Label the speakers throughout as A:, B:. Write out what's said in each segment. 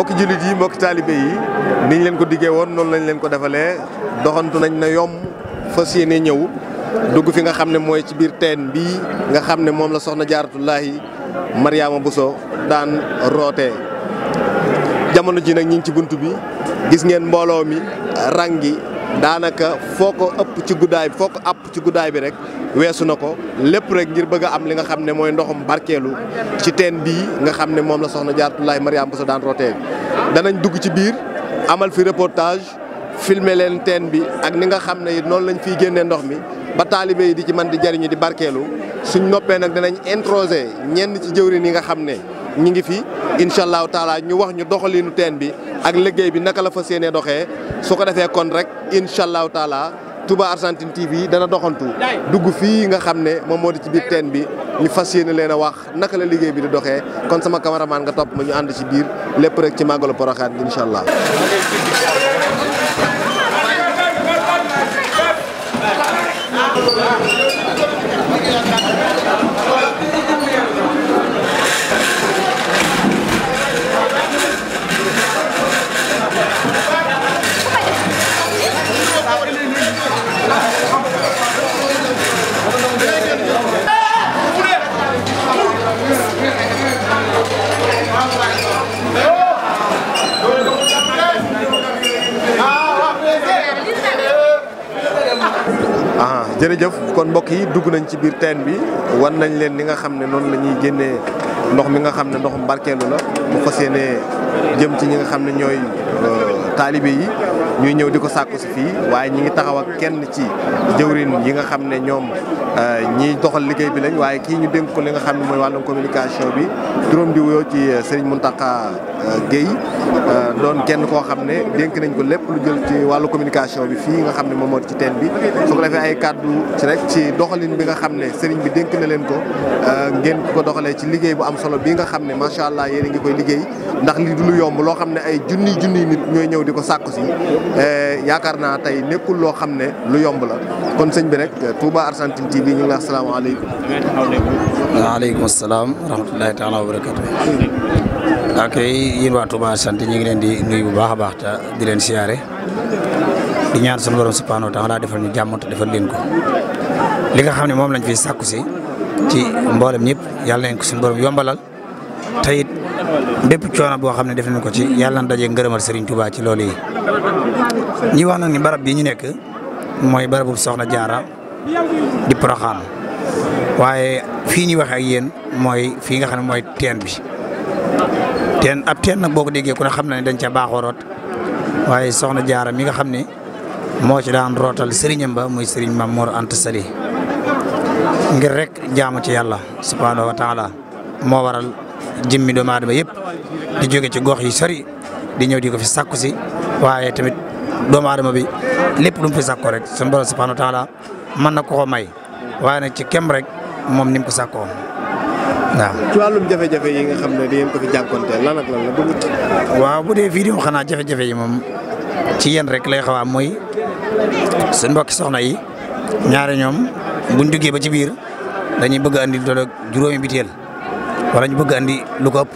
A: mbokki jullit yi mbokki taalibe yi niñ leen ko diggee woon noonu lañ leen ko defalee doxantu nañ na yomb fas yéene ñëw dugg fi nga xam ne mooy ci biir teen bii nga xam ne moom la soxna jaaratullaahi bu Bousso daan rootee jamono ji nag ñi ci bunt bi gis ngeen mbooloo mi rang gi daanaka foo ko ëpp ci guddaay bi foo ko àpp ci guddaay bi rek weesu na ko lépp rek ngir bëgg a am li nga xam ne mooy ndoxum barkeelu ci teen bii nga xam ne moom la soxna Jaaratullaahi Mariama Bousso daan rootee danañ dugg ci biir amal fi reportage filmer leen teen bi ak ni nga xam ne it noonu lañ fiy génnee ndox mi ba taalibe yi di ci man di jariñu di barkeelu suñ noppee nag danañ introsé ñenn ci jëwriñ yi nga xam ne ñi ngi fi incha allahu taala ñu wax ñu doxalinu teen bi ak liggéey bi naka la fas yéenee doxe su ko defee kon rek incha allahu taala tubaa Argentine TV dana doxantu dugg fii nga xam ne moom moo di ci biir teen bi ñu fas yéene leen a wax naka la liggéey bi di doxe kon sama cameraman nga topp ma ñu ànd ci biir lépp rek ci màggalu Porokhane incha allah. jërëjëf kon mbokk yi dugg nañ ci biir teen bi wan nañ leen li nga xam ne noonu la ñuy génnee ndox mi nga xam ne ndoxum barkeelu la bu fas yéenee jëm ci ñi nga xam ne ñooy euh, taalibe yi ñuy ñëw di ko sàkku si fii waaye ñi ngi taxaw ak kenn ci jëwrin yi nga xam ne ñoom Euh, ñi doxal liggéey bi lañ waaye kii ñu dénk ko li nga xam ne mooy wàllum communication bi turam di wuyoo ci euh, Serigne Mountakha euh, Guèye doon kenn koo xam ne dénk nañ ko lépp lu jël ci wàllu communication bi fii nga xam ne moom moo ci teen bi su ko defee ay kàddu ci rek ci doxalin bi nga xam ne Serigne bi dénk na leen ko ngeen ko doxalee ci liggéey bu am solo bi nga xam ne macha allah yéen ngi koy liggéey ndax li du lu yomb loo xam ne ay junniy junniy nit ñooy ñëw di ko sàkku si yaakaar naa tey nekkul loo xam ne lu yomb la kon sëñ bi rek Touba Argentine TV ñu ngi lay wax
B: waaleykum salaam wa rahmatulahi taala wa barakatu. ok yéen waa Touba sant ñu ngi leen di nuyu bu baax a baax te di leen siyaare di ñaan sunu borom subhanahu wa taala defal ñu jàmm te leen ko li nga xam ne moom lañ fi sàkku si ci mboolem ñëpp yàlla nañ ko sunu borom yombalal te it bépp boo xam ne def nañ ko ci yàlla na daje ngërëmal Serigne Touba ci lool yi ñi wax nag ni barab bii ñu nekk mooy barabu Soxna Jaara di Porokhane waaye fii ñuy waxee ak yéen mooy fii nga xam ne mooy teen bi teen ab teen nag boo ko déggee ku ne xam na ne dañ ca baaxoo root waaye soxna Jaara mi nga xam ne moo ci daan rootal sëriñam ba muy sëriñ Mame Mor Anta Sali ngir rek jaamo ci yàlla subhaanahu wa moo waral jëmmi doomu aadama yëpp di jóge ci gox yi sori di ñëw di ko fi sàkku si waaye tamit doomu aadama bi lépp lu fi sàkku rek sunu borom subhaanahu wa mën na ko may waaye nag ci kem rek moom nim mu ko sàkkoo waaw. ci
A: wàllum jafe-jafe yi nga xam ne da ngeen ko fi jànkuwanteel lan ak lan
B: la bu dee vidéo xanaa jafe-jafe yi moom ci yéen rek lay xaw mooy suñ mbokki soxna yi ñaari ñoom buñ duggee ba ci biir dañuy bëgg andi doole juróomi biteel wala ñu bëgg andi lu ko ëpp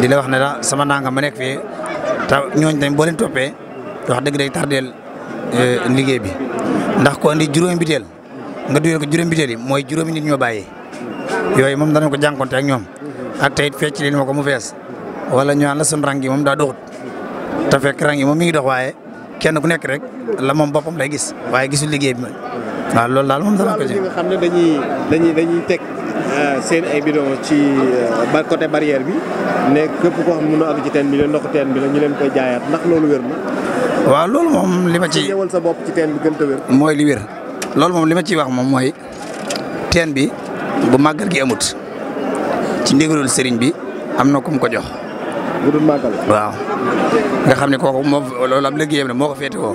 B: di la wax ne la sama nangam ma nekk fii te ñooñu tamit boo leen toppee wax dëgg day tardeel E, liggéey bi ndax ko andi juróomi biteel nga duyal ko juróomi biteel yi mooy juróomi nit ñoo bàyyi yooyu moom danañ ko jànkonte ak ñoom ak tayit fecc leen ma ko mu fees wala ñu naan la sun rang moom daa doxut te fekk rang yi moom mi ngi dox waaye kenn ku nekk rek la moom boppam lay
A: gis waaye gisul liggéey bi ma
B: waaw loolu daal moom danañ ko
A: ji dañuy teg Euh, seen ay bidon ci euh, ba côté barrière bi ne këpp koo xam ne mën na àgg ci teen bi la ndoxu leen koy jaayaat ndax loolu wér waaw loolu moom li ma ci ñëwal sa bopp ci
B: mooy li loolu moom li ma ciy wax moom mooy teen bi bu màggal gi amut ci ndigalul sëriñ bi am na ku mu ko jox. bu dul màggal waaw nga xam ne kooku moom loolu am liggéeyam ne moo ko féetewoo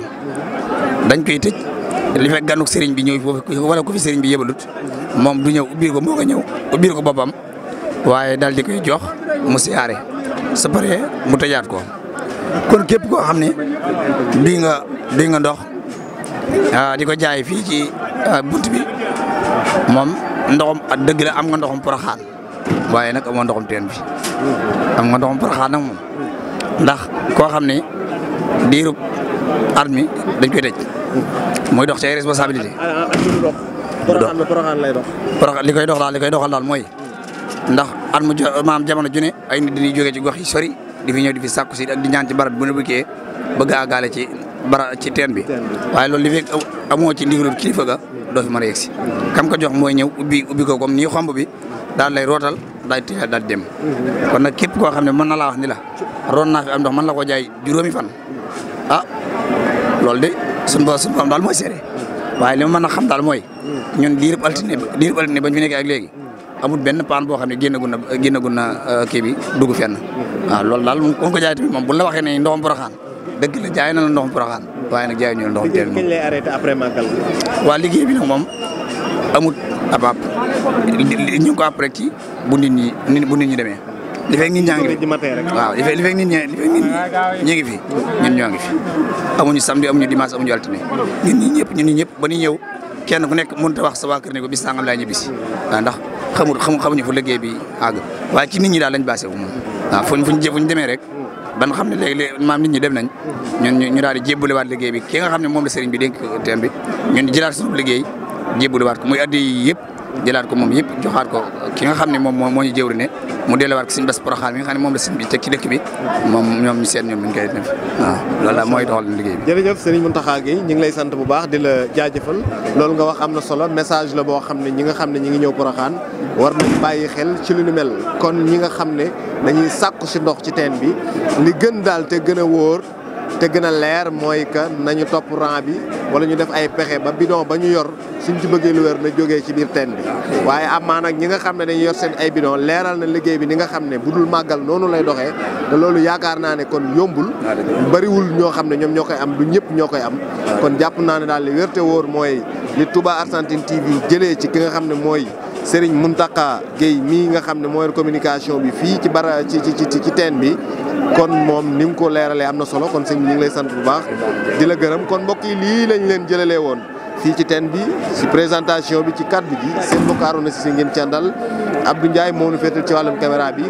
B: dañ koy tëj. li fekk ganuk sëriñ bi ñëw foofu wala ko fi sëriñ bi yebalut moom du ñëw ubbiir ko moo ko ñëw ubbiir ko boppam waaye daal di koy jox mu siyaare sa mu tëjaat ko kon képp koo xam ne di nga di nga ndox ah, di ko jaay fii ci ah, bunt bi moom ndoxam ah, dëgg la am nga ndoxam poroxaan waaye nag amoo ndoxam teen bi am nga ndoxam poroxaan nag moom ndax koo xam ne diirub armi dañ koy tëj mooy dox ci ay responsabilité du
A: ah, ah, dox poroxaan lay dox.
B: poroxaan li koy dox daal li koy doxal daal mooy ndax at mu maam jamono ju ne ay nit dañuy jógee ci gox yi sori di fi ñëw di fi sàkku si ak di ñaan ci barab bu ne bukkee bëgg a àggaale ci bara ci teen bi. waaye loolu li fekk amoo ci ndigalul kilifa ga doo fi mën a yegsi. kam ko jox mooy ñëw ubbi ubbi ko comme nii xomb bi daal lay rootal daal di dem.
A: Mhm.
B: kon nag képp koo xam ne mën na laa wax ni la roon naa fi am ndox mën na ko jaay juróomi fan ah sun bo sun borom daal mooy seere waaye li ma mën a xam daal mooy ñun diirub altine diirub altine bañ fi nekkee ak léegi amul benn paan boo xam ne génnagun na génnagun na euh, kii bi dugg fenn loolu daal moom ko jaay tamit moom buñ la waxee ne ndoxam Porokhane dëgg la jaay na la ndoxam Porokhane waaye na jaay ñu la ndoxam teel moom lay arrêté après màggal waaw liggéey bi nag moom amut ab ab ñu ngi ko après ci bu nit ñi bu nit ñi demee li fekk nit ñaa ngi fi
A: waaw li fekk li fekk nit ñaa li fekk nit
B: ñi ngi fi ñun ñoo ngi fi amuñu samedi amuñu dimanche amuñu altine ñun ñi ñëpp ñun ñi ñëpp ba ñu ñëw kenn ku nekk mënut a wax sa waa kër ko bis sangam laa ñibbisi waaw ndax xamul xamul xamuñu fu liggéey bi waaye ci nit ñi daal lañ baase wu moom waaw fuñ fuñ fuñ demee rek ban xam ne léegi maam nit ñi dem nañ ñun ñu daal di jébbalewaat liggéey bi ki nga xam ne moom la sëriñ bi dénk teen bi ñun jëlaat suñu liggéey jébbalewaat ko muy addi yëpp jëlaat ko moom yëpp joxaat ko ki nga xam ne moom moo ñu jëwri ne mu delluwaat ko suñu bés proxaal mi nga xam ne moom la suñ bi teg ci dëkk bi moom ñoom ñu seet ñoom ñu koy def waaw loolu la mooy doxal liggéey bi
A: jërëjëf Serigne Mountakha Guèye ñu ngi lay sant bu baax di la jaajëfal loolu nga wax am na solo message la boo xam ne ñi nga xam ne ñi ngi ñëw proxaan war nañ bàyyi xel ci lu ñu mel kon ñi nga xam ne dañuy sàkku si ndox ci teen bi li gën daal te gën a wóor te gën a leer mooy que nañu topp rang bi wala ñu def ay pexe ba bidon ba ñu yor suñ ci bëggee lu wér na jógee ci biir teen bi waaye amaa nag ñi nga xam ne dañuy yor seen ay bidon leeral na liggéey bi ni nga xam ne bu dul màggal noonu lay doxee te loolu yaakaar naa ne kon yombul bariwul ñoo xam ne ñoom ñoo koy am du ñëpp ñoo koy am kon jàpp naa ne daal li wér wóor mooy li tubaa Argentine TV jëlee ci ki nga xam ne mooy Serigne Mountakha Gueye mii nga xam ne mooy communication bi fii ci bara ci ci ci ci teen bi kon moom ni mu ko leeralee am na solo kon sëñ ñu ngi lay sant bu baax di la gërëm kon mbokk yi lii lañ leen jëlalee woon fii ci teen bi si présentation bi ci kaddu gi seen mbokk Arouna si ngeen ci àndal Abdou Ndiaye moo nu féetal ci wàllum caméra bi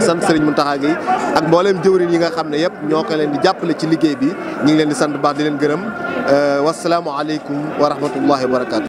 A: sant Serigne Mountakha Gueye ak mboolem jëwriñ yi nga xam ne yëpp ñoo ko leen di jàppale ci liggéey bi ñu ngi leen di sant baax di leen gërëm euh, wasalaamualeykum wa rahmatullahi wa barakatu